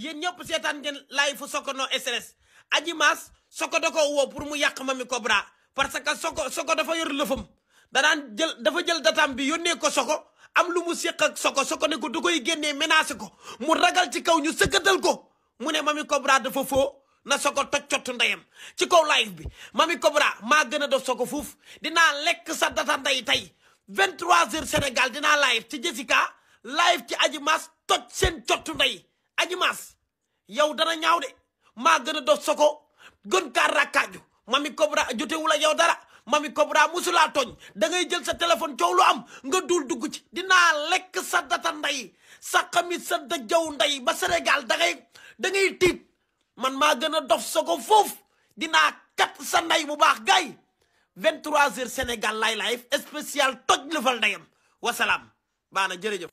yéen ñëpp seetaan ngeen laay fu Soko no stress aji maas Soko da koo woo pour mu yàq Mamy Cobra parce que Soko Soko dafa yor lëfam danaan jël dafa jël dataam bi yónnee ko Soko am lu mu séq ak Soko Soko ne ko da koy génnee menacé ko mu ragal ci kaw ñu sëkkatal ko mu ne Mamy Cobra dafa foo na Soko toj cottu ndeyam ci kaw live bi Mamy Cobra maa gën a def Soko fuuf dinaa lekk sa data ndey tey 23h Sénégal dinaa live ci Jessica live ci aji maas toj seen cottu ndey aji mas yow dana ñaaw de maa gën a dof soko gën kaa rakkaaju mami Cobra jotewula yow dara mami Cobra musulaa tooñ dangay jël sa téléphone coow lu am nga dul dugg ci dinaa lekk sa data ndey sa xamit sa da jaw ndey ba Sénégal da da ngay tiit man maa gën a dof soko foofu dinaa kat sa ndey bu baax gay gaay 23 heures Sénégal lay live spécial toj la fal ndeyam wasalaam baana jërëjëf